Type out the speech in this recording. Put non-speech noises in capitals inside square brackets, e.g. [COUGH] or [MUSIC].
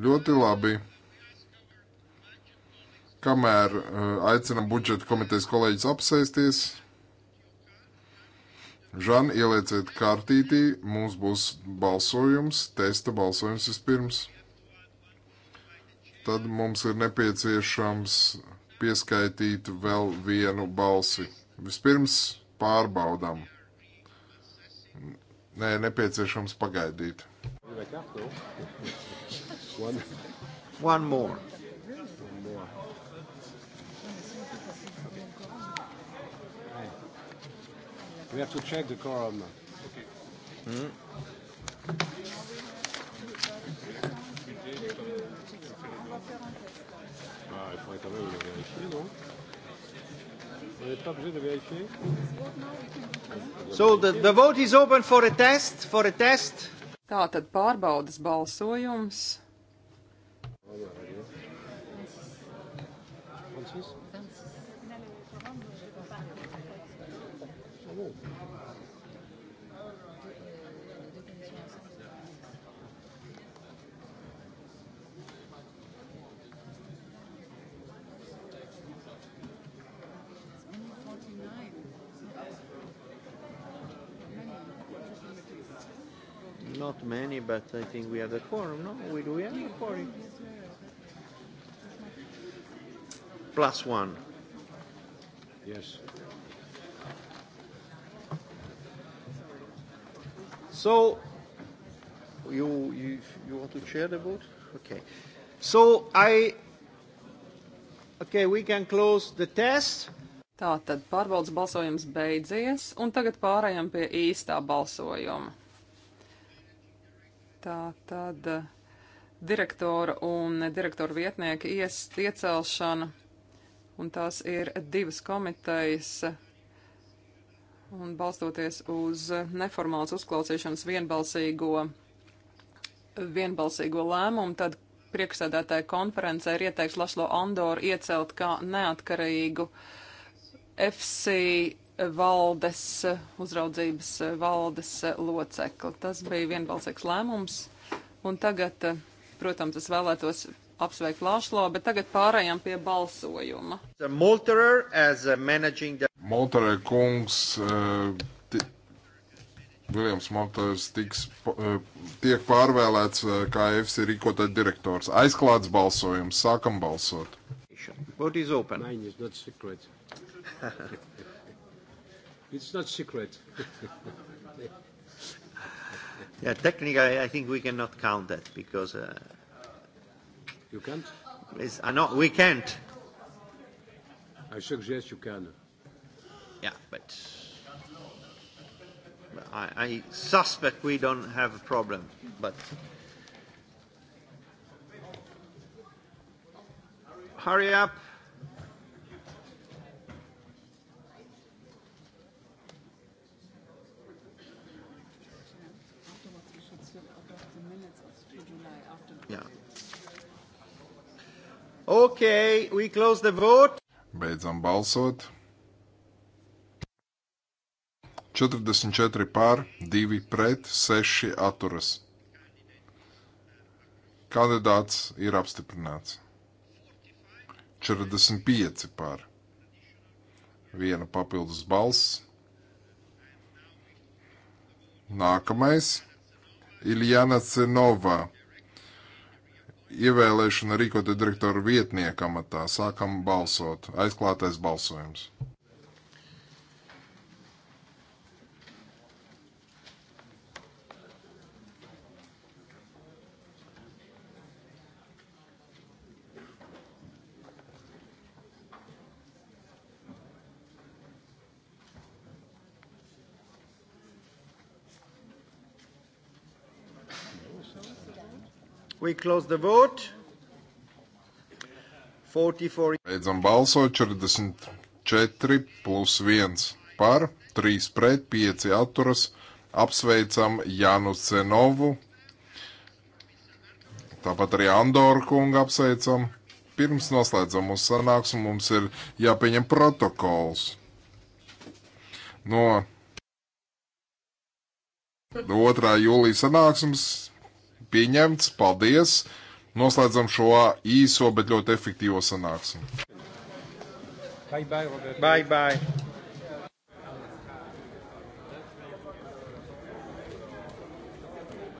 Ļoti labi. Kamēr eh, aicinam budžeta komitejas kolēģis apsēsties, Žan, ielieciet kārtītī, mums būs balsojums, testa balsojums vispirms. Tad mums ir nepieciešams pieskaitīt vēl vienu balsi. Vispirms pārbaudām. Nē, nepieciešams pagaidīt. Vai kā to? one. One more. One more. We have to check the quorum. Mm. Ah, il faudrait quand même le vérifier, non On n'est pas obligé de vérifier So the, the vote is open for a test, for a test. Tātad pārbaudas balsojums. 26 26. Ah bon not many, but I think we have the quorum, no? We do we have a quorum? Plus one. Yes. So, you, you, you want to share the vote? Okay. So, I... Okay, we can close the test. Tātad pārbaudas balsojums beidzies, un tagad pārējām pie īstā balsojuma. Tā tad direktora un direktora vietnieka ies, iecelšana, un tās ir divas komitejas, un balstoties uz neformāls uzklausīšanas vienbalsīgo, vienbalsīgo lēmumu, tad priekšsēdētāja konferencē ir ieteikts Laslo Andoru iecelt kā neatkarīgu FC valdes, uzraudzības valdes locekli. Tas bija vienbalsīgs lēmums, un tagad, protams, es vēlētos apsveikt Lāšlo, bet tagad pārējām pie balsojuma. Multerer the... kungs, uh, eh, Viljams Multerers tiks, uh, tiek pārvēlēts uh, kā FC rīkotāja direktors. Aizklāts balsojums, sākam balsot. Vote is open. Mine is not secret. [LAUGHS] It's not secret. [LAUGHS] yeah, technically, I think we cannot count that because. Uh, you can't? It's, uh, no, we can't. I suggest you can. Yeah, but. I, I suspect we don't have a problem, but. Hurry up. Jā. Ok, we close the vote. Beidzam balsot. 44 pār, 2 pret, 6 atturas. Kandidāts ir apstiprināts. 45 pār. Viena papildus balss. Nākamais. Iljana Cenova ievēlēšana rīkota direktora vietnieka amatā. Sākam balsot. Aizklātais balsojums. We close the vote. 44. Beidzam balsot 44 plus 1 par, 3 pret, 5 atturas. Apsveicam Janu Cenovu. Tāpat arī Andoru kungu apsveicam. Pirms noslēdzam mūsu sanāksmu, mums ir jāpieņem protokols no 2. jūlijas sanāksmes Pieņemts, paldies! Noslēdzam šo īso, bet ļoti efektīvo sanāksmi. Bye bye, Robert. Bye bye.